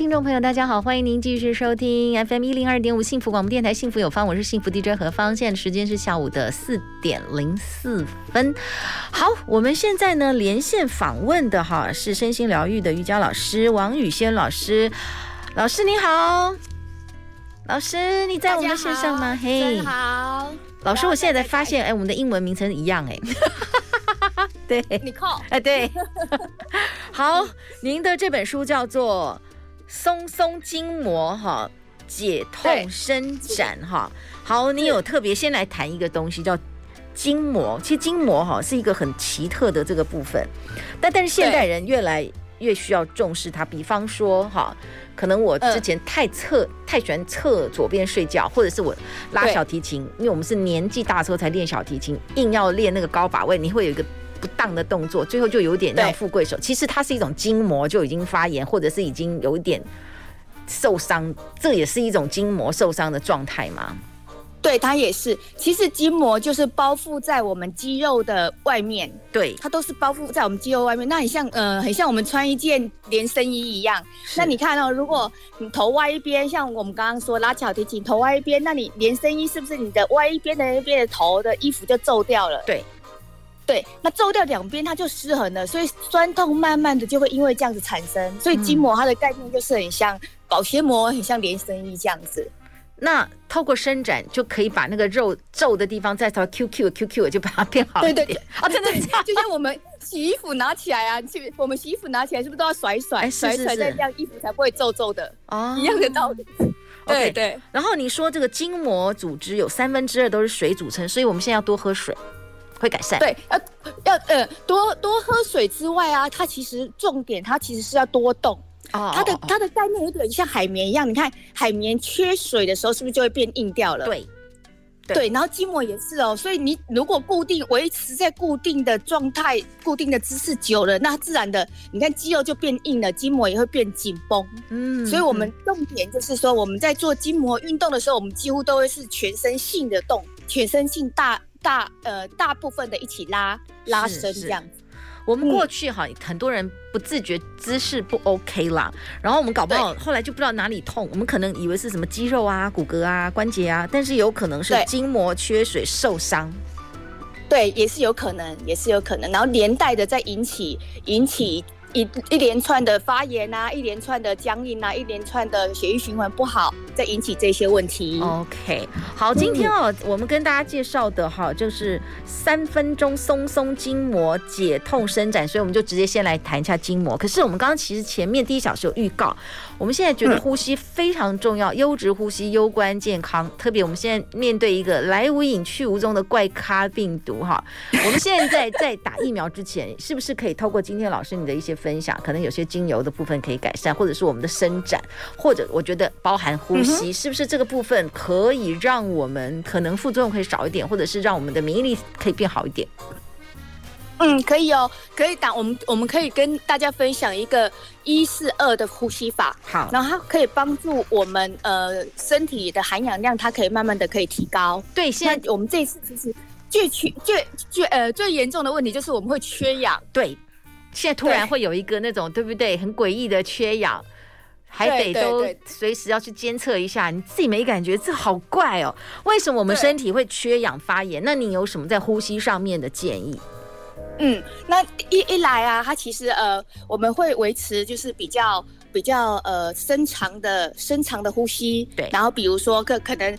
聽眾朋友，大家好，歡迎您繼續收聽 FM 一零二點五幸福廣播電台《幸福有方》，我是幸福 DJ 何芳。現在的時間是下午的四點零四分。好，我們現在呢連線訪問的哈是身心療癒的瑜伽老師王羽暄老師。老師你好，老師你在我們線上嗎？嘿，好。Hey 好老師，我現在才發現，哎，我們的英文名稱一樣哎。 對，Nicole。哎，對。 好，您的這本書叫做。鬆鬆筋膜哈，解痛伸展哈。好，你有特別先來談一個東西叫筋膜。其實筋膜哈是一個很奇特的這個部分，但但是現代人越來越需要重視它。對比方說哈，可能我之前太側、呃、太喜歡側左邊睡覺，或者是我拉小提琴，對因為我們是年紀大之後才練小提琴，硬要練那個高把位，你會有一個。不當的動作，最後就有點像富貴手。對其實它是一種筋膜就已經發炎，或者是已經有一點受傷，這也是一種筋膜受傷的狀態嗎？對，它也是。其實筋膜就是包覆在我們肌肉的外面，對，它都是包覆在我們肌肉外面。那很像，呃，很像我們穿一件連身衣一樣。是那你看哦，如果你頭歪一邊，像我們剛剛說拉小提琴頭歪一邊，那你連身衣是不是你的歪一邊的那邊的頭的衣服就皺掉了？對。對，那皺掉兩邊，它就失衡了，所以酸痛慢慢的就會因為這樣子產生。所以筋膜它的概念就是很像保鮮膜，很像連身衣這樣子。嗯、那透過伸展就可以把那個肉皺的地方再稍微 Q Q Q Q 就把它變好。對對對，啊，真的就像我們洗衣服拿起來啊，是不我們洗衣服拿起來是不是都要甩甩、哎、是是是甩甩，這樣衣服才不會皺皺的？啊、哦，一樣的道理。對、嗯、對。Okay, 對，然後你說這個筋膜組織有三分之二都是水組成，所以我們現在要多喝水。會改善對，要要呃多多喝水之外啊，它其實重點它其實是要多動，哦、它的它的概念有點像海綿一樣，你看海綿缺水的時候是不是就會變硬掉了？對對，對，然後筋膜也是哦、喔，所以你如果固定維持在固定的狀態、固定的姿勢久了，那自然的你看肌肉就變硬了，筋膜也會變緊繃。嗯，所以我們重點就是說我們在做筋膜運動的時候，我們幾乎都會是全身性的動，全身性大。大呃，大部分的一起拉拉伸，這樣子是是我們過去哈，嗯、很多人不自覺姿勢不 OK 啦，然後我們搞不好後來就不知道哪裡痛，對我們可能以為是什麼肌肉啊、骨骼啊、關節啊，但是有可能是筋膜缺水受傷。對，也是有可能，也是有可能，然後連帶的再引起引起。引起一一連串的發炎啊，一連串的僵硬啊，一連串的血液循環不好，再引起這些問題。OK，好，今天哦，嗯、我們跟大家介紹的哈、哦，就是三分鐘鬆鬆筋膜解痛伸展，所以我們就直接先來談一下筋膜。可是我們剛剛其實前面第一小時有預告。我們現在覺得呼吸非常重要，嗯、優質呼吸攸關健康。特別我們現在面對一個來無影去無蹤的怪咖病毒，哈， 我們現在在打疫苗之前，是不是可以透過今天老師你的一些分享，可能有些精油的部分可以改善，或者是我們的伸展，或者我覺得包含呼吸，嗯、哼是不是這個部分可以讓我們可能副作用可以少一點，或者是讓我們的免疫力可以變好一點？嗯，可以哦，可以打我們，我們可以跟大家分享一個一四二的呼吸法。好，然後它可以幫助我們，呃，身體的含氧量，它可以慢慢的可以提高。對，現在我們這一次其實最缺、最最，最呃最嚴重的問題就是我們會缺氧。對，現在突然會有一個那種對，對不對，很詭異的缺氧，還得都隨時要去監測一下。對對對，你自己沒感覺，這好怪哦，為什麼我們身體會缺氧發炎？對。那你有什麼在呼吸上面的建議？嗯，那一一來啊，它其實呃，我們會維持就是比較比較呃，深長的深長的呼吸。對。然後比如說可可能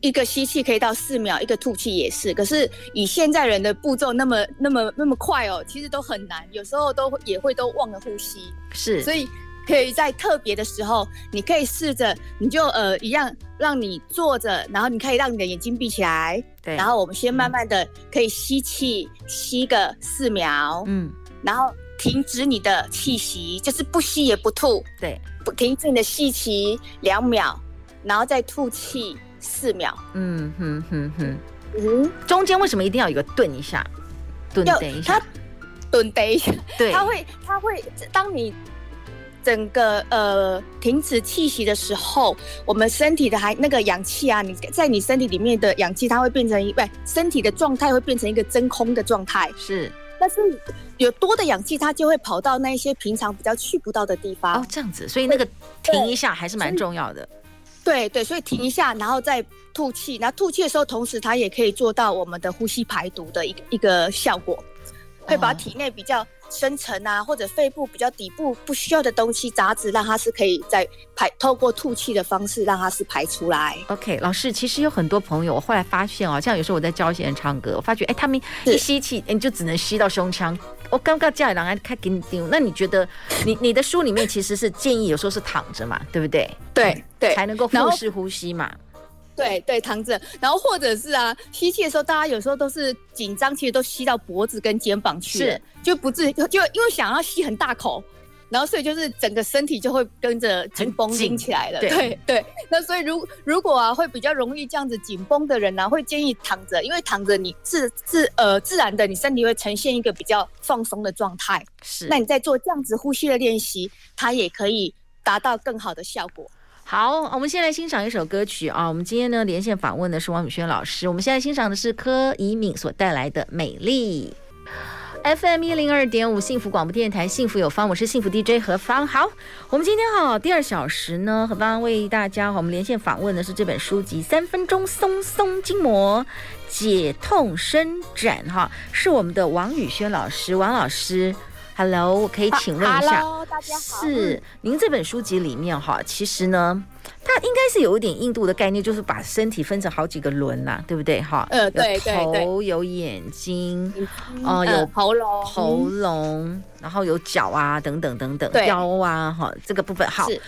一個吸氣可以到四秒，一個吐氣也是。可是以現在人的步驟那麼那麼那麼快哦，其實都很難，有時候都也會都忘了呼吸。是。所以可以在特別的時候，你可以試着你就呃一樣讓你坐着，然後你可以讓你的眼睛閉起來。對然後我們先慢慢的可以吸氣，嗯、吸個四秒，嗯，然後停止你的氣息，就是不吸也不吐，對，不停止你的吸氣兩秒，然後再吐氣四秒，嗯哼哼哼，嗯，中間為什麼一定要有個頓一下，頓要一下，頓一下，對，他 會他會，當你。整個呃，停止氣息的時候，我們身體的還那個氧氣啊，你在你身體裡面的氧氣，它會變成一，不，身體的狀態會變成一個真空的狀態。是，但是有多的氧氣，它就會跑到那一些平常比較去不到的地方。哦，這樣子，所以那個停一下還是蠻重要的。對對，對，所以停一下，然後再吐氣，然後吐氣的時候，同時它也可以做到我們的呼吸排毒的一個一個效果，會把體內比較。嗯深層啊，或者肺部比較底部不需要的東西、雜質，讓它是可以在排透過吐氣的方式，讓它是排出來。OK，老師，其實有很多朋友，我後來發現哦、喔，像有時候我在教一些人唱歌，我發覺哎、欸，他們一吸氣是、欸，你就只能吸到胸腔。我剛剛教讓他開給你聽，那你覺得你你的書裡面其實是建議，有時候是躺着嘛，對不對？對、 嗯、對，對才能夠腹式呼吸嘛。對對，躺着，然後或者是啊，吸氣的時候，大家有時候都是緊張，其實都吸到脖子跟肩膀去了，是就不至於，就因為想要吸很大口，然後所以就是整個身體就會跟着緊繃緊起來了，很緊，對對，對。那所以如果如果啊會比較容易這樣子緊繃的人呢、啊，會建議躺着，因為躺着你自自呃自然的，你身體會呈現一個比較放鬆的狀態，是。那你在做這樣子呼吸的練習，它也可以達到更好的效果。好，我們先來欣賞一首歌曲啊。我們今天呢，連線訪問的是王羽暄老師。我們現在欣賞的是柯以敏所帶來的《美麗》。FM 一零二點五，幸福廣播電台，幸福有方，我是幸福 DJ 何方。好，我們今天哈第二小時呢，何方為大家哈我們連線訪問的是這本書籍《三分鐘鬆鬆筋膜解痛伸展》哈，是我們的王羽暄老師，王老師。Hello，我可以請問一下，Hello, 是您這本書籍裡面哈，其實呢，嗯、它應該是有一點印度的概念，就是把身體分成好幾個輪吶、啊，對不對哈？呃、嗯，頭對對，對有眼睛，啊、嗯哦，有喉嚨，喉嚨龍，然後有腳啊，等等等等，對腰啊，哈，這個部分。好，是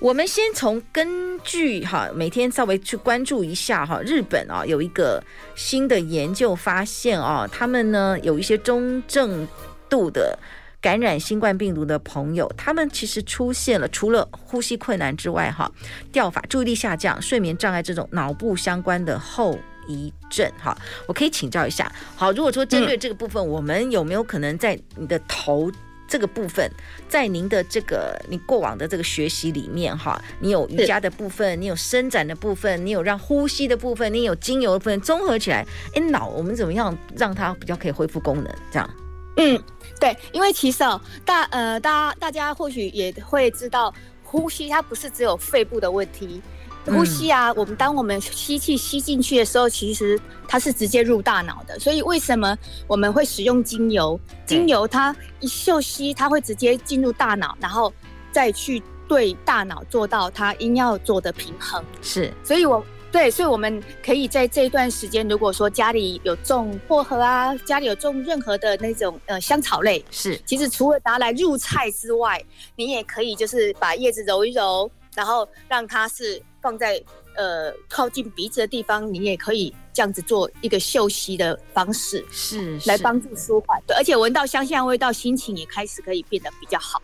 我們先從根據哈，每天稍微去關注一下哈，日本啊有一個新的研究發現哦，他們呢有一些中正度的，感染新冠病毒的朋友，他們其實出現了除了呼吸困難之外，哈，掉髮、注意力下降、睡眠障礙這種腦部相關的後遺症，哈，我可以請教一下。好，如果說針對這個部分，嗯，我們有沒有可能在你的頭這個部分，在您的這個你過往的這個學習裡面，哈，你有瑜伽的部分，是你有伸展的部分，你有讓呼吸的部分，你有精油的部分，綜合起來，誒，腦我們怎麼樣讓它比較可以恢復功能？這樣。嗯，對，因為其實、哦、大呃，大家大家或許也會知道，呼吸它不是只有肺部的問題，嗯、呼吸啊，我們當我們吸氣吸進去的時候，其實它是直接入大腦的，所以為什麼我們會使用精油？對精油它一嗅吸，它會直接進入大腦，然後再去對大腦做到它應要做的平衡。是，所以我。對，所以我們可以在這一段時間，如果說家裡有種薄荷啊，家裡有種任何的那種呃香草類，是，其實除了拿來入菜之外，你也可以就是把葉子揉一揉，然後讓它是放在呃靠近鼻子的地方，你也可以這樣子做一個嗅吸的方式，是，是來幫助舒緩。對，而且聞到香香味道，心情也開始可以變得比較好。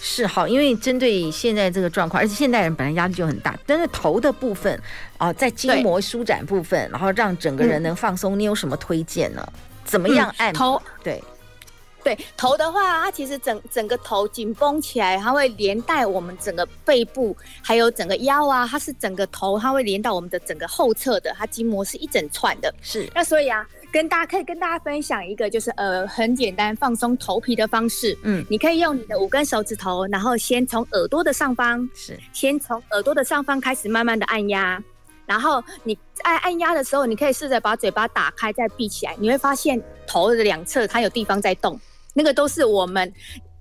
是好，因為針對現在這個狀況，而且現代人本來壓力就很大，但是頭的部分，哦、呃，在筋膜舒展部分，對然後讓整個人能放鬆，嗯、你有什麼推薦呢？怎麼樣按、嗯、頭？對，對，頭的話、啊，它其實整整個頭緊繃起來，它會連帶我們整個背部，還有整個腰啊，它是整個頭，它會連到我們的整個後側的，它筋膜是一整串的。是，那所以啊。跟大家可以跟大家分享一個，就是呃，很簡單放鬆頭皮的方式。嗯，你可以用你的五根手指頭，然後先從耳朵的上方是，先從耳朵的上方開始慢慢的按壓，然後你按按壓的時候，你可以試着把嘴巴打開再閉起來，你會發現頭的兩側它有地方在動，那個都是我們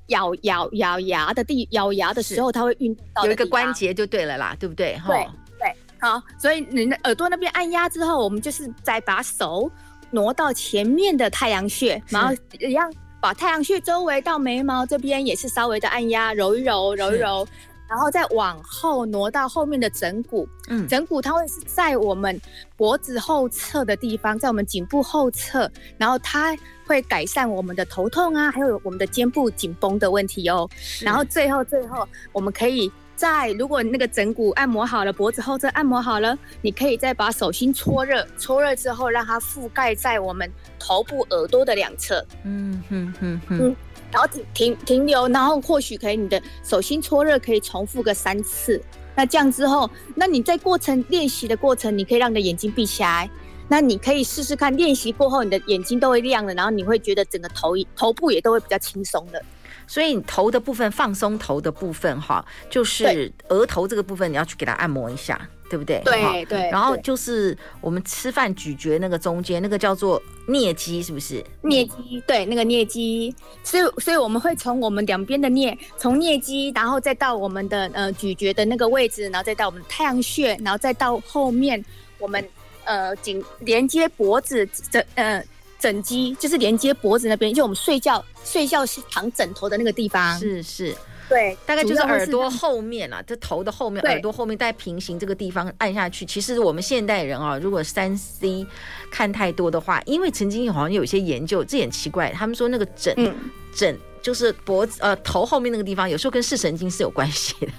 咬咬咬，咬牙的地咬牙的時候，它會運動到有一個關節就對了啦，對不對？對對，對好，所以你的耳朵那邊按壓之後，我們就是再把手。挪到前面的太陽穴，然後一樣把太陽穴周圍到眉毛這邊也是稍微的按壓，揉一揉，揉一揉，揉一揉是然後再往後挪到後面的枕骨。整、嗯、枕骨它會是在我們脖子後側的地方，在我們頸部後側，然後它會改善我們的頭痛啊，還有我們的肩部緊繃的問題哦。是然後最後最後我們可以。在，如果你那個枕骨按摩好了，脖子後側按摩好了，你可以再把手心搓熱，搓熱之後讓它覆蓋在我們頭部耳朵的兩側，嗯哼哼哼，嗯，然後停停留，然後或許可以你的手心搓熱可以重複個三次，那這樣之後，那你在過程練習的過程，你可以讓你的眼睛閉起來，那你可以試試看，練習過後你的眼睛都會亮了，然後你會覺得整個頭頭部也都會比較輕鬆了。所以你頭的部分放鬆，頭的部分哈，就是額頭這個部分你要去給它按摩一下，對，對不對？對對，對。然後就是我們吃飯咀嚼，那個中間那個叫做顳肌，是不是？顳肌，對，那個顳肌。所以所以我們會從我們兩邊的顳，從顳肌，然後再到我們的呃咀嚼的那個位置，然後再到我們的太陽穴，然後再到後面我們呃頸連接脖子這呃。枕肌就是連接脖子那邊，就我們睡覺睡覺是躺枕頭的那個地方，是是，對，大概就是耳朵後面啊，這頭的後面，耳朵後面在平行這個地方按下去。其實我們現代人啊，如果三 C 看太多的話，因為曾經好像有一些研究，這很奇怪，他們說那個枕枕就是脖子呃頭後面那個地方，有時候跟視神經是有關係的，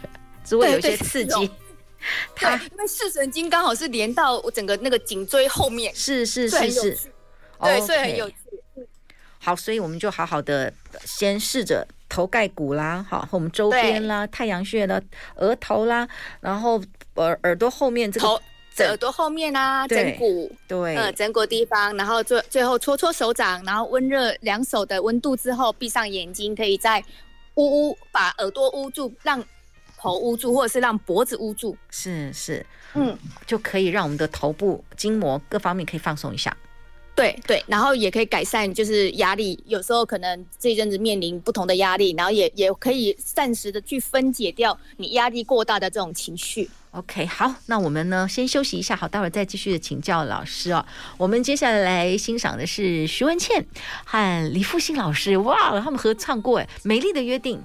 只會有一些刺激，他，因為視神經剛好是連到我整個那個頸椎後面，是是是是。對，所以很有趣。Okay. 好，所以我們就好好的先試着頭蓋骨啦，好和我們周邊啦、對太陽穴啦、額頭啦，然後耳、呃、耳朵後面這個頭這耳朵後面啊，枕骨，對，骨對呃枕骨地方，然後最最後搓搓手掌，然後溫熱兩手的溫度之後，閉上眼睛，可以再嗚嗚，把耳朵捂住，讓頭捂住，或者是讓脖子捂住，是是，是嗯，嗯，就可以讓我們的頭部筋膜各方面可以放鬆一下。對對，然後也可以改善，就是壓力，有時候可能這一陣子面臨不同的壓力，然後也也可以暫時的去分解掉你壓力過大的這種情緒。OK，好，那我們呢先休息一下，好，待會再繼續的請教老師哦。我們接下來欣賞的是徐文倩和李復興老師，哇，他們合唱過、欸、《美麗的約定》。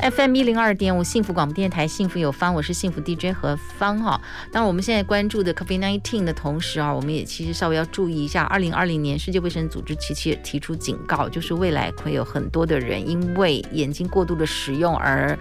FM 一零二點五，幸福廣播電臺，幸福有方，我是幸福 DJ 何方哈。當然，我們現在關注的 COVID-19 的同時啊，我們也其實稍微要注意一下，二零二零年世界衛生組織其實也提出警告，就是未來會有很多的人因為眼睛過度的使用而。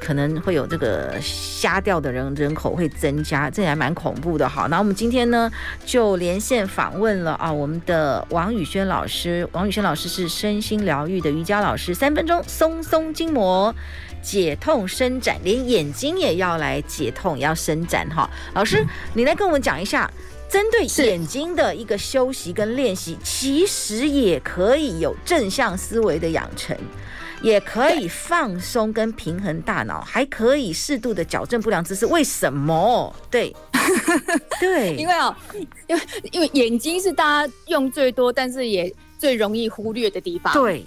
可能會有這個瞎掉的人人口，會增加。還也蠻恐怖的。好，那我們今天呢就連線訪問了啊，我們的王羽暄老師。王羽暄老師是身心療癒的瑜伽老師，三分鐘鬆鬆筋膜，解痛伸展，連眼睛也要來解痛，也要伸展哈。老師，嗯、你來跟我們講一下，針對眼睛的一個休息跟練習，是其實也可以有正向思維的養成。也可以放鬆跟平衡大腦，對還可以適度的矯正不良姿勢。為什麼？對， 對， 因為哦，因為因為眼睛是大家用最多，但是也最容易忽略的地方。對，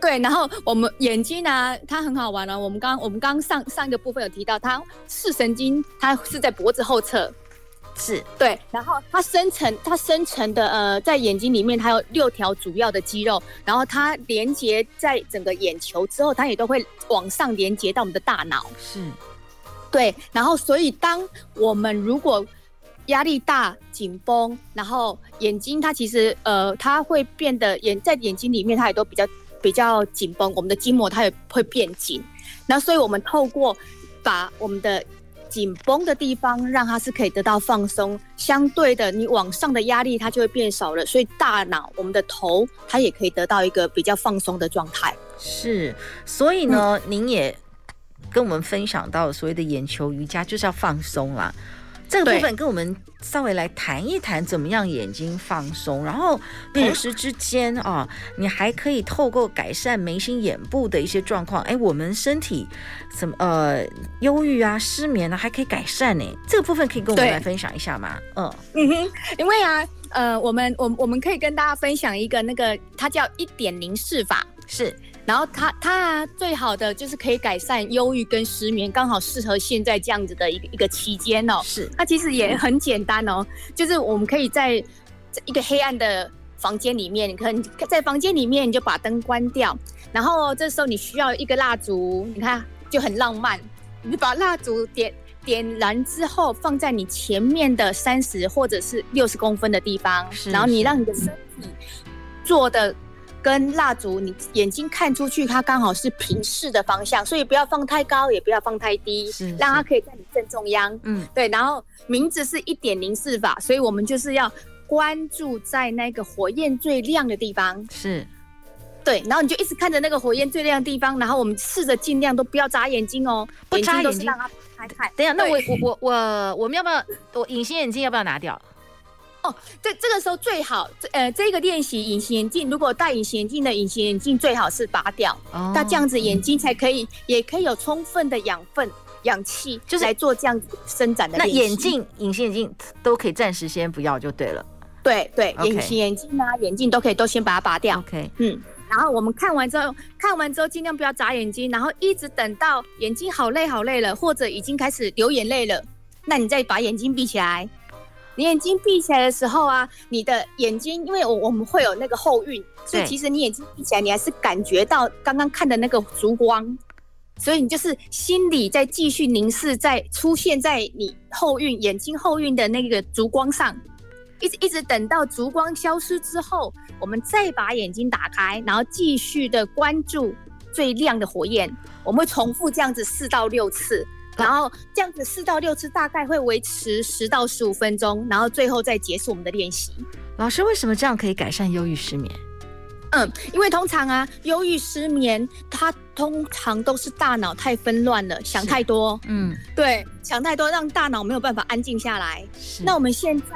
對，然後我們眼睛呢，它很好玩哦。我們剛我們剛上上一個部分有提到，它視神經它是在脖子後側。是對，然後它生成，它生成的呃，在眼睛裡面，它有六條主要的肌肉，然後它連接在整個眼球之後，它也都會往上連接到我們的大腦。是對，然後所以當我們如果壓力大、緊繃，然後眼睛它其實呃，它會變得眼在眼睛裡面，它也都比較比較緊繃，我們的筋膜它也會變緊。那所以我們透過把我們的緊繃的地方，讓它是可以得到放鬆。相對的，你往上的壓力它就會變少了，所以大腦我們的頭它也可以得到一個比較放鬆的狀態。是，所以呢，嗯、您也跟我們分享到，所謂的眼球瑜伽就是要放鬆啦。這個部分跟我們稍微來談一談，怎麼樣眼睛放鬆，對然後同時之間啊、 哦，你還可以透過改善眉心、眼部的一些狀況，哎，我們身體什麼呃憂鬱啊、失眠啊，還可以改善呢。這個部分可以跟我們來分享一下嗎？對嗯 因為啊，呃，我們我們我們可以跟大家分享一個那個，它叫一點零視法，是。然後它它最好的就是可以改善憂鬱跟失眠，剛好適合現在這樣子的一個一個期間哦。是，它其實也很簡單哦，就是我們可以在一個黑暗的房間裡面，你可以在房間裡面，你就把燈關掉，然後這時候你需要一個蠟燭，你看就很浪漫，你把蠟燭點點燃之後放在你前面的三十或者是六十公分的地方，是然後你讓你的身體做的。跟蠟燭，你眼睛看出去，它剛好是平視的方向，所以不要放太高，也不要放太低，是，是讓它可以在你正中央。嗯，對。然後名字是一點零四法，所以我們就是要關注在那個火焰最亮的地方。是對，然後你就一直看着那個火焰最亮的地方，然後我們試着盡量都不要眨眼睛哦、喔，不眨眼睛，它它眼睛對。等一下，那我對 我我我我們要不要我隱形眼鏡要不要拿掉？哦，這這個時候最好，這呃這個練習隱形眼鏡，如果戴隱形眼鏡的隱形眼鏡最好是拔掉，那、哦、這樣子眼睛才可以，也可以有充分的養分、氧氣，就是來做這樣子伸展的。那眼鏡、隱形眼鏡都可以暫時先不要就對了。對對，隱形眼鏡啊、眼鏡都可以都先把它拔掉。OK，嗯，然後我們看完之後，看完之後盡量不要眨眼睛，然後一直等到眼睛好累好累了，或者已經開始流眼淚了，那你再把眼睛閉起來。你眼睛閉起來的時候啊，你的眼睛，因為我我們會有那個後韻，對所以其實你眼睛閉起來，你還是感覺到剛剛看的那個燭光，所以你就是心裡在繼續凝視，在出現在你後韻、眼睛後韻的那個燭光上，一直一直等到燭光消失之後，我們再把眼睛打開，然後繼續的關注最亮的火焰，我們會重複這樣子四到六次。然後這樣子四到六次，大概會維持十到十五分鐘，然後最後再結束我們的練習。老師，為什麼這樣可以改善憂鬱失眠？嗯，因為通常啊，憂鬱失眠它通常都是大腦太紛亂了，想太多。嗯，對，想太多讓大腦沒有辦法安靜下來。是，那我們現在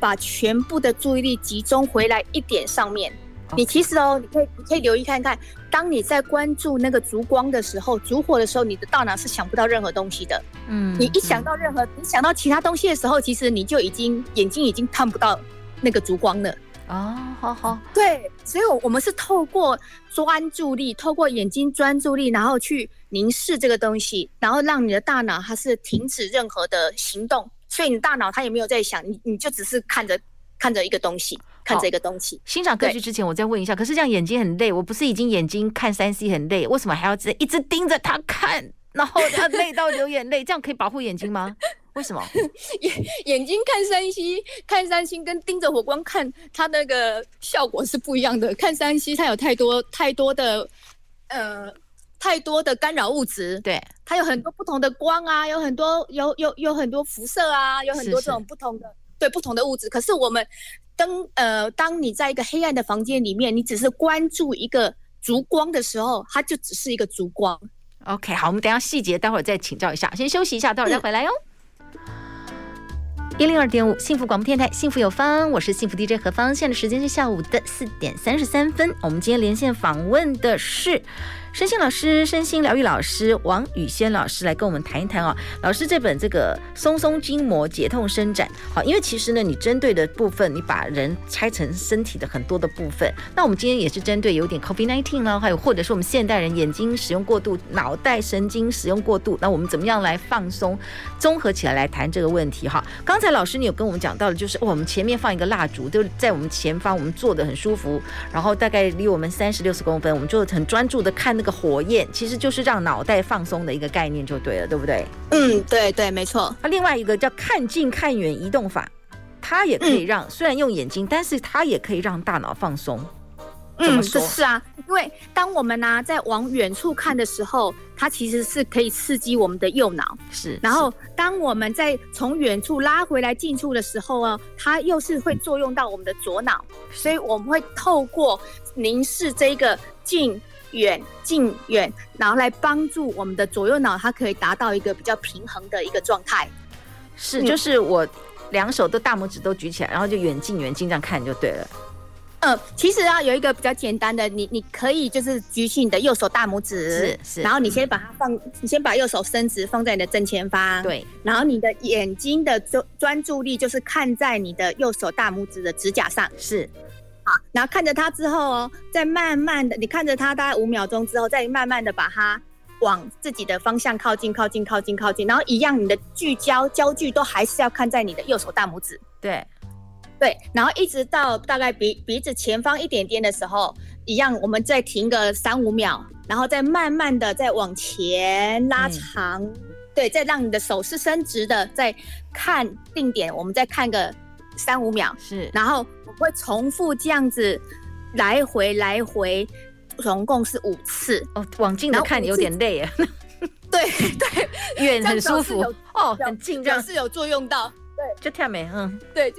把全部的注意力集中回來一點上面。你其實哦，你可以你可以留意看看，當你在關注那個燭光的時候，燭火的時候，你的大腦是想不到任何東西的。嗯，嗯，你一想到任何，你想到其他東西的時候，其實你就已經眼睛已經看不到那個燭光了。哦，好好，對，所以，我我們是透過專注力，透過眼睛專注力，然後去凝視這個東西，然後讓你的大腦它是停止任何的行動，所以你的大腦它也沒有在想你，你就只是看着看着一個東西。看這個東西，好欣賞歌劇之前，我再問一下。對可是這樣眼睛很累，我不是已經眼睛看 3C 很累，為什麼還要一直盯着它看，然後它累到流眼淚？ 這樣可以保護眼睛嗎？為什麼？眼眼睛看 3C，看 3C，跟盯着火光看它那個效果是不一樣的。看 3C，它有太多太多的呃，太多的干擾物質，對，它有很多不同的光啊，有很多有有有，有很多輻射啊，有很多這種不同的。是是對不同的物質，可是我們當，呃，當你在一個黑暗的房間裡面，你只是關注一個燭光的時候，它就只是一個燭光。OK，好，我們等一下細節，待會兒再請教一下，先休息一下，待會兒再回來哦，一零二點五，5, 幸福廣播電台，幸福有方，我是幸福 DJ 何方，現在的時間是下午的四點三十三分。我們今天連線訪問的是。身心老師、身心療癒老師王羽暄老師來跟我們談一談哦。老師，這本這個《鬆鬆筋膜解痛伸展》好，因為其實呢，你針對的部分，你把人拆成身體的很多的部分。那我們今天也是針對有點 COVID-19 啊，還有或者是我們現代人眼睛使用過度、腦袋神經使用過度，那我們怎麼樣來放鬆？綜合起來來談這個問題哈。剛才老師你有跟我們講到了，就是、哦、我們前面放一個蠟燭，就在我們前方，我們坐得很舒服，然後大概離我們三十六十公分，我們就很專注的看、那個一個火焰其實就是讓腦袋放鬆的一個概念就對了，對不對？嗯，對對，沒錯。那另外一個叫看近看遠移動法，它也可以讓、嗯、雖然用眼睛，但是它也可以讓大腦放鬆。嗯，怎麼說？是是啊，因為當我們呢、啊、在往遠處看的時候，嗯、它其實是可以刺激我們的右腦。是，然後當我們在從遠處拉回來近處的時候哦、啊，它又是會作用到我們的左腦。嗯、所以我們會透過凝視這個鏡。遠近遠，然後來幫助我們的左右腦，它可以達到一個比較平衡的一個狀態。是，就是我兩手的大拇指都舉起來，然後就遠近遠近這樣看就對了。嗯、呃，其實啊，有一個比較簡單的，你你可以就是舉起你的右手大拇指，是，是，然後你先把它放，嗯、你先把右手伸直放在你的正前方，對，然後你的眼睛的專注力就是看在你的右手大拇指的指甲上，是。好，然後看着它之後哦，再慢慢的，你看着它大概五秒鐘之後，再慢慢的把它往自己的方向靠近，靠近，靠近，靠近。然後一樣，你的聚焦焦距都還是要看在你的右手大拇指。對，對，然後一直到大概鼻鼻子前方一點點的時候，一樣，我們再停個三五秒，然後再慢慢的再往前拉長，嗯、對，再讓你的手是伸直的，再看定點，我們再看個。三五秒，是，然後我會重複這樣子，來回來回，總共是五次。哦，往近的看有點累啊。！ 對對， 遠很舒服。哦，有很近這樣是有作用到。對，嗯，對，就跳美，嗯，對。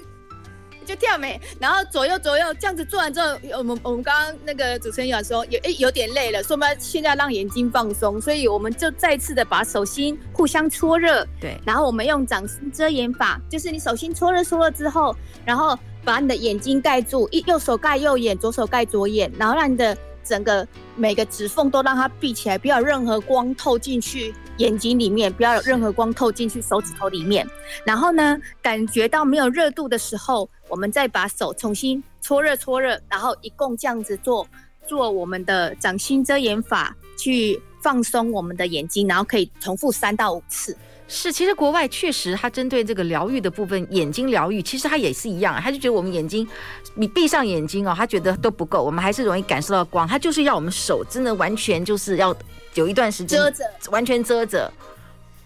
就跳沒，然後左右左右這樣子做完之後，我們我們剛剛那個主持人有說有誒、欸、有點累了，說我們現在讓眼睛放鬆，所以我們就再次的把手心互相搓熱，對，然後我們用掌心遮眼法，就是你手心搓熱搓熱之後，然後把你的眼睛蓋住，一右手蓋右眼，左手蓋左眼，然後讓你的整個每個指縫都讓它閉起來，不要有任何光透進去。眼睛裡面不要有任何光透進去，手指頭裡面，然後呢，感覺到沒有熱度的時候，我們再把手重新搓熱搓熱，然後一共這樣子做，做我們的掌心遮眼法去放鬆我們的眼睛，然後可以重複三到五次。是，其實國外確實他針對這個療癒的部分，眼睛療癒，其實他也是一樣啊，他就覺得我們眼睛，你閉上眼睛哦，他覺得都不夠，我們還是容易感受到光，他就是要我們手真的完全就是要。有一段時間遮着，完全遮着，遮著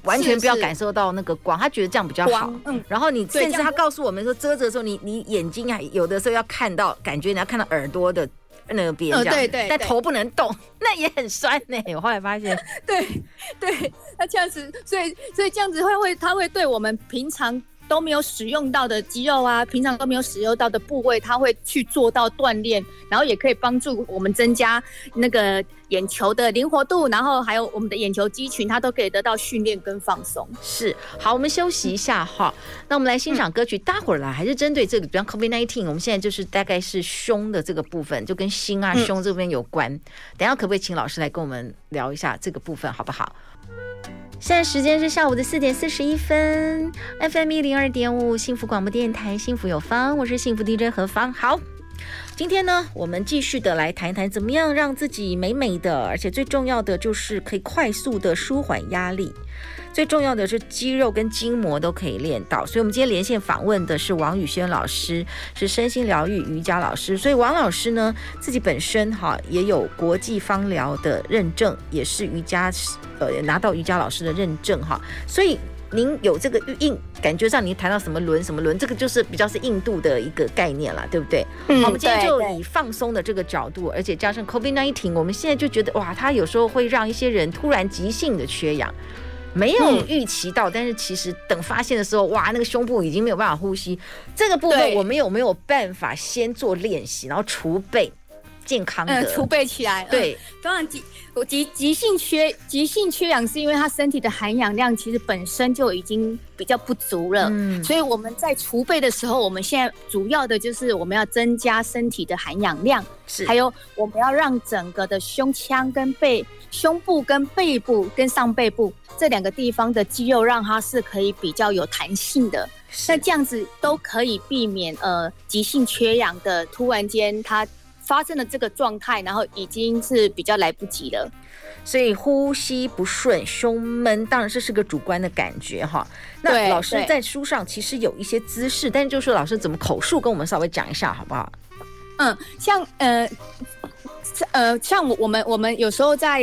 完全不要感受到那個光，是是他覺得這樣比較好。嗯，然後你甚至對他告訴我們說，遮着的時候你，你對你眼睛啊，有的時候要看到，感覺你要看到耳朵的那邊、呃，對對，對，但頭不能動，對對對 那也很酸呢，欸。我後來發現對，對對，他這樣子，所以所以這樣子會會，他會對我們平常都沒有使用到的肌肉啊，平常都沒有使用到的部位，它會去做到鍛鍊，然後也可以幫助我們增加那個眼球的靈活度，然後還有我們的眼球肌群，它都可以得到訓練跟放鬆。是，好，我們休息一下哈、嗯，那我們來欣賞歌曲。待會兒來，還是針對這個，比方 COVID-19，我們現在就是大概是胸的這個部分，就跟心啊、胸這邊有關。嗯、等下可不可以請老師來跟我們聊一下這個部分，好不好？現在時間是下午的四點四十一分，FM 一零二點五，幸福廣播電臺，幸福有方，我是幸福 DJ 何方。好，今天呢，我們繼續的來談一談，怎麼樣讓自己美美的，而且最重要的就是可以快速的舒緩壓力。最重要的是肌肉跟筋膜都可以練到，所以，我們今天連線訪問的是王羽暄老師，是身心療癒瑜伽老師。所以，王老師呢自己本身哈也有國際芳療的認證，也是瑜伽呃拿到瑜伽老師的認證哈。所以，您有這個硬感覺上，您談到什麼輪什麼輪，這個就是比較是印度的一個概念了，對不對？嗯。好，我們今天就以放鬆的這個角度，而且加上 COVID 19，我們現在就覺得哇，它有時候會讓一些人突然急性的缺氧。沒有預期到，嗯，但是其實等發現的時候，哇，那個胸部已經沒有辦法呼吸。這個部分我們有沒有辦法先做練習，然後儲備？健康呃儲、嗯、備起來對、嗯，當然急急急性缺急性缺氧是因為他身體的含氧量其實本身就已經比較不足了，嗯、所以我們在儲備的時候，我們現在主要的就是我們要增加身體的含氧量，是還有我們要讓整個的胸腔跟背胸部跟背部跟上背部這兩個地方的肌肉，讓它是可以比較有彈性的，那是這樣子都可以避免呃急性缺氧的突然間它發生了這個狀態，然後已經是比較來不及了，所以呼吸不順、胸悶，當然這是個主觀的感覺哈。對那老師在書上其實有一些姿勢，對但就是老師怎麼口述跟我們稍微講一下好不好？嗯，像呃呃，像我們我們有時候在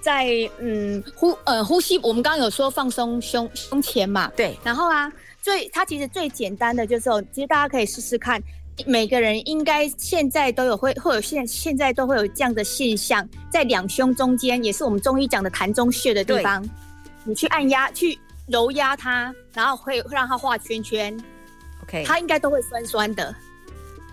在嗯呼呃呼吸，我們剛剛有說放鬆胸胸前嘛，對。然後啊，最它其實最簡單的就是，其實大家可以試試看。每個人應該現在都有會，會有現在現在都會有這樣的現象，在兩胸中間，也是我們中醫講的膻中穴的地方。對你去按壓，去揉壓它，然後會，會讓它畫圈圈。OK，它應該都會酸酸的。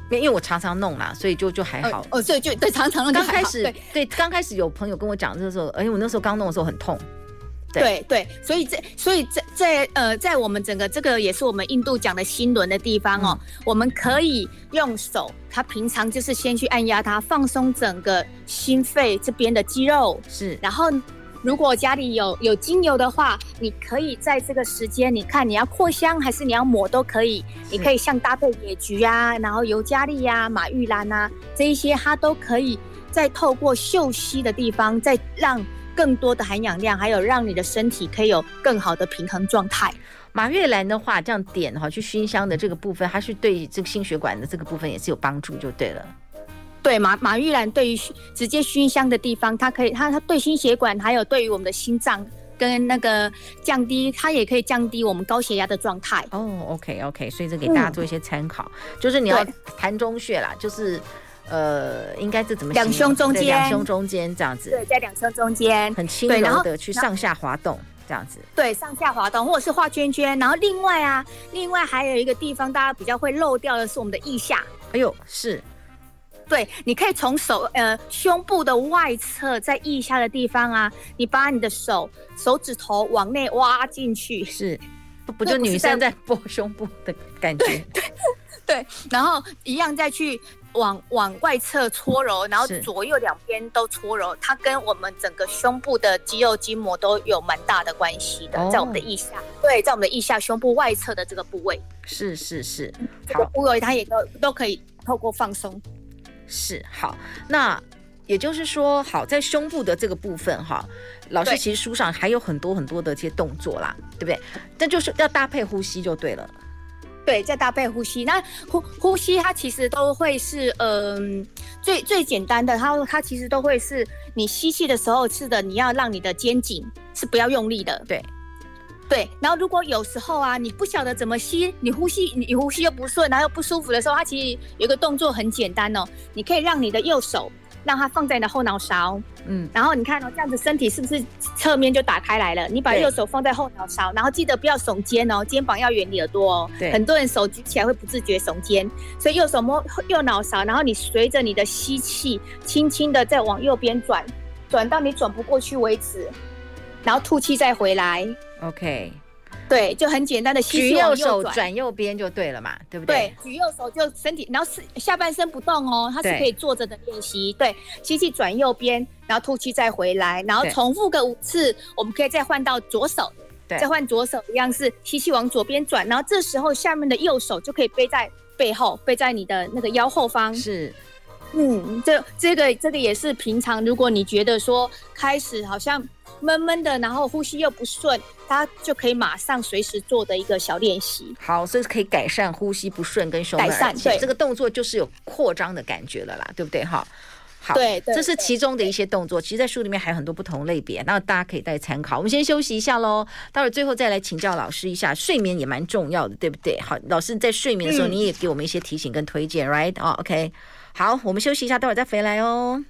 因為我常常弄啦，所以就就還好。哦、呃呃，對，就對，對，常常弄，剛開始對，剛開始有朋友跟我講那時候，哎、欸、呀，我那時候剛弄的時候很痛。對對，所以這所以在這呃，在我們整個這個也是我們印度講的心輪的地方哦，嗯、我們可以用手，它平常就是先去按壓它，放鬆整個心肺這邊的肌肉。是，然後如果家裡有有精油的話，你可以在這個時間，你看你要擴香還是你要抹都可以，是你可以像搭配野菊啊，然後尤加利呀、啊、馬玉蘭吶、啊、這一些，它都可以再透過嗅吸的地方，再讓。更多的含氧量，還有讓你的身體可以有更好的平衡狀態。馬玉蘭的話，這樣點哈去熏香的這個部分，它是對這個心血管的這個部分也是有幫助，就對了。對馬馬玉蘭對於直接熏香的地方，它可以它它對心血管，還有對於我們的心臟跟那個降低，它也可以降低我們高血壓的狀態。哦，OK OK，所以這給大家做一些參考，嗯、就是你要膻中穴啦，對就是。呃，應該是怎麼？兩胸中間，兩胸中間這樣子。對，在兩胸中間，很輕柔的去上下滑動，這樣子。對，樣子對，上下滑動，或者是畫圈圈。然後另外啊，另外還有一個地方，大家比較會漏掉的是我們的腋下。哎呦，是。對，你可以從手呃胸部的外側，在腋下的地方啊，你把你的手手指頭往內挖進去，是不，不就女生在撥胸部的感覺對對？對，然後一樣再去。往往外側搓揉，然後左右兩邊都搓揉，是它跟我們整個胸部的肌肉筋膜都有蠻大的關係的，哦、在我們的腋下，對，在我們的腋下胸部外側的這個部位，是是是，好這個部位它也都都可以透過放鬆。是好，那也就是說，好在胸部的這個部分哈、哦，老師其實書上還有很多很多的這些動作啦，對，對不對？但就是要搭配呼吸就對了。對，再搭配呼吸。那呼呼吸，它其實都會是，嗯，最最簡單的，它它其實都會是，你吸氣的時候，是的，你要讓你的肩頸是不要用力的，對，對。然後如果有時候啊，你不曉得怎麼吸，你呼吸你你呼吸又不順，然後又不舒服的時候，它其實有一個動作很簡單哦，你可以讓你的右手。讓它放在你的後腦勺，嗯，然後你看哦，這樣子身體是不是側面就打開來了？你把右手放在後腦勺，對然後記得不要聳肩哦，肩膀要遠離耳朵哦。對，很多人手舉起來會不自覺聳肩，所以右手摸右腦勺，然後你隨着你的吸氣，輕輕的再往右邊轉，轉到你轉不過去為止，然後吐氣再回來。OK。對，就很簡單的吸氣往右轉，舉右手轉右邊就對了嘛，對不對？對，舉右手就身體，然後是下半身不動哦，它是可以坐着的練習。對，對，吸氣轉右邊，然後吐氣再回來，然後重複個五次。對我們可以再換到左手對再換左手一樣是吸氣往左邊轉，然後這時候下面的右手就可以背在背後，背在你的那個腰後方。是，嗯，這這個這個也是平常，如果你覺得說開始好像。悶悶的，然後呼吸又不順，大家就可以馬上隨時做的一個小練習。好，所以是可以改善呼吸不順跟胸悶。改善，對，這個動作就是有擴張的感覺了啦，對不對哈？好，對，對對對對。這是其中的一些動作。其實，在書裡面還有很多不同類別，那大家可以再參考。我們先休息一下嘍，待會兒最後再來請教老師一下。睡眠也蠻重要的，對不對？好，老師在睡眠的時候，嗯，你也給我們一些提醒跟推薦，right？哦、oh，OK，好，我們休息一下，待會兒再回來哦。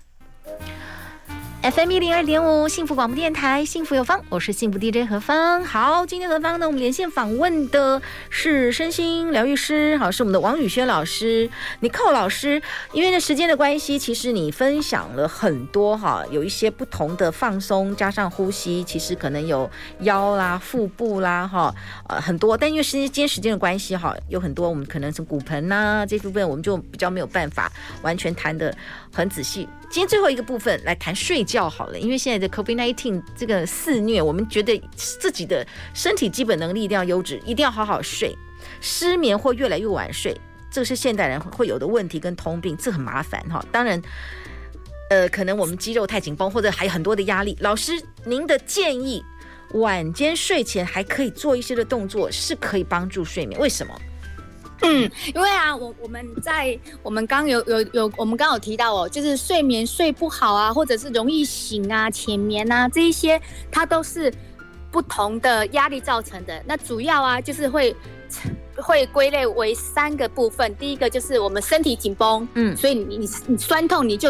FM 一零二點五幸福廣播電台，幸福有方，我是幸福 DJ 何芳。好，今天何芳呢？我們連線訪問的是身心療癒師，好，是我們的王羽暄老師，你寇老師。因為呢，時間的關係，其實你分享了很多哈，有一些不同的放鬆加上呼吸，其實可能有腰啦、腹部啦，哈，呃，很多。但因為時間時間的關係哈，有很多我們可能從骨盆呐、啊、這部分，我們就比較沒有辦法完全談的。很仔細，今天最後一個部分來談睡覺好了，因為現在的 COVID-19 這個肆虐，我們覺得自己的身體基本能力一定要優質，一定要好好睡。失眠或越來越晚睡，這個是現代人會有的問題跟通病，這很麻煩哈、哦。當然，呃，可能我們肌肉太緊繃，或者還有很多的壓力。老師，您的建議，晚間睡前還可以做一些的動作，是可以幫助睡眠。為什麼？嗯，因為啊，我我們在我們剛有有有，我們剛有提到哦，就是睡眠睡不好啊，或者是容易醒啊、淺眠啊這一些，它都是不同的壓力造成的。那主要啊，就是會會歸類為三個部分。第一個就是我們身體緊繃，嗯，所以你你你酸痛，你就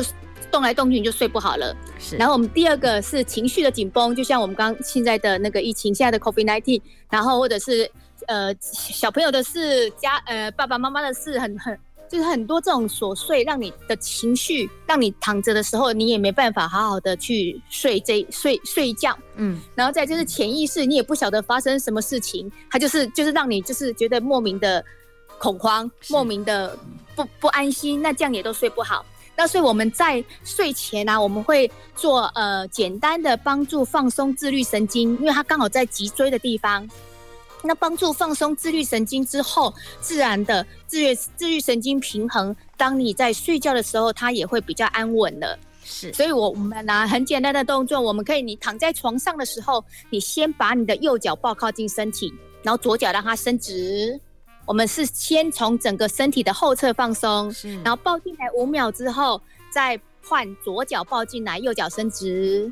動來動去，你就睡不好了。是。然後我們第二個是情緒的緊繃，就像我們剛剛現在的那個疫情，現在的 COVID-19，然後或者是。呃，小朋友的事，家呃爸爸媽媽的事很，很很就是很多這種瑣碎，讓你的情緒，讓你躺着的時候，你也沒辦法好好的去睡這睡睡覺。嗯，然後再就是潛意識，你也不曉得發生什麼事情，它就是就是讓你就是覺得莫名的恐慌，莫名的不是不，不安心，那這樣也都睡不好。那所以我們在睡前呢、啊，我們會做呃簡單的幫助放鬆自律神經，因為它剛好在脊椎的地方。那幫助放鬆自律神經之後，自然的自律自律神經平衡。當你在睡覺的時候，它也會比較安穩了。是，所以，我我們拿、啊、很簡單的動作，我們可以，你躺在床上的時候，你先把你的右腳抱靠近身體，然後左腳讓它伸直。我們是先從整個身體的後側放鬆，是 然後抱進來五秒之後，再換左腳抱進來，右腳伸直。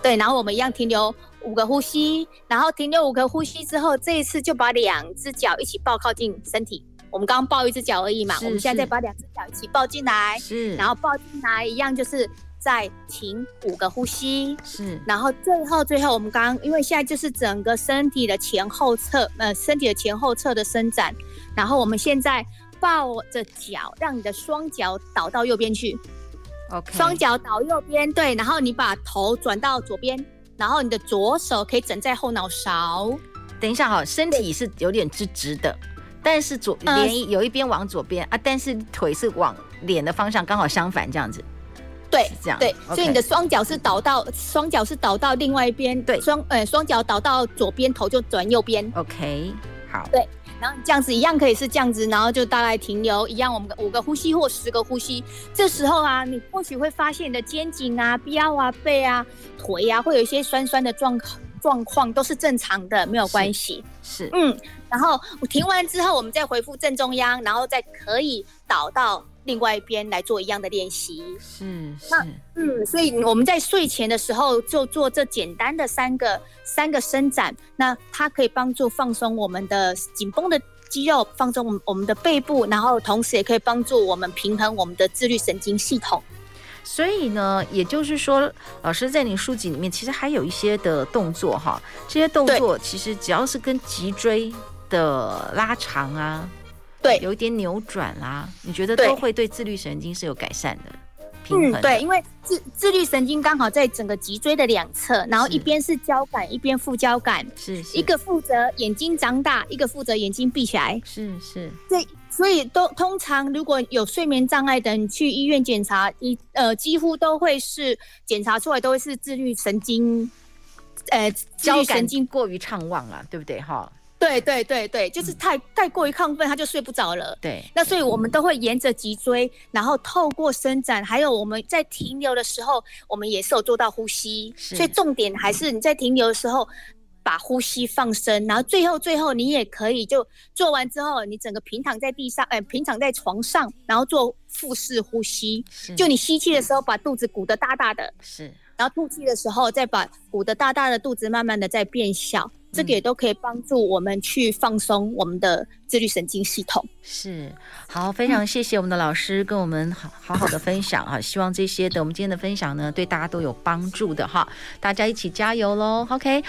對，然後我們一樣停留五個呼吸，然後停留五個呼吸之後，這一次就把兩隻腳一起抱靠近身體。我們剛剛抱一隻腳而已嘛，是，是我們現在再把兩隻腳一起抱進來，是，然後抱進來一樣就是再停五個呼吸，是。然後最後最後我們剛剛，因為現在就是整個身體的前後側，呃，身體的前後側的伸展，然後我們現在抱着腳，讓你的雙腳倒到右邊去。雙腳倒右邊，對，然後你把頭轉到左邊，然後你的左手可以枕在後腦勺。等一下哈、哦，身體是有點直直的，對但是左邊有一邊往左邊、呃、啊，但是腿是往臉的方向剛好相反這樣子。對，是這樣對，okay, 所以你的雙腳是倒到雙腳是倒到另外一邊，對，雙呃雙腳倒到左邊，頭就轉右邊。OK，好，對。然後這樣子一樣可以是這樣子，然後就大概停留一樣，我們五個呼吸或十個呼吸。這時候啊，你或許會發現你的肩頸啊、腰啊、背啊、腿啊，會有一些酸酸的狀況、狀況，都是正常的，沒有關係。是，嗯。然後我停完之後，我們再回復正中央，然後再可以倒到。另外一邊來做一樣的練習。嗯，是。那，嗯，所以我們在睡前的時候就做這簡單的三個三個伸展，那它可以幫助放鬆我們的緊繃的肌肉，放鬆我們我們的背部，然後同時也可以幫助我們平衡我們的自律神經系統。所以呢，也就是說，老師在你書籍裡面其實還有一些的動作哈，這些動作其實只要是跟脊椎的拉長啊。對，有一點扭轉啦、啊，你覺得都會對自律神經是有改善的對平衡的、嗯？對，因為自自律神經剛好在整個脊椎的兩側，然後一邊是交感，是一邊副交感，是，是一個負責眼睛睜大，一個負責眼睛閉起來。是是，所以所以都通常如果有睡眠障礙的，你去醫院檢查，你呃幾乎都會是檢查出來都會是自律神經，呃自律神經過於暢旺了、啊，對不對？哈。對對對對，就是太太過於亢奮，嗯、他就睡不着了。對，那所以我們都會沿着脊椎，嗯、然後透過伸展，還有我們在停留的時候，我們也是有做到呼吸。是所以重點還是你在停留的時候，嗯、把呼吸放深。然後最後最後，你也可以就做完之後，你整個平躺在地上，哎、呃，平躺在床上，然後做腹式呼吸。是就你吸氣的時候，把肚子鼓得大大的。是。嗯是然後吐氣的時候，再把鼓得大大的肚子慢慢的再變小，嗯、這個也都可以幫助我們去放鬆我們的自律神經系統。是，好，非常謝謝我們的老師跟我們好好好的分享、嗯、 啊！希望這些的我們今天的分享呢，對大家都有幫助的哈！大家一起加油嘍，OK。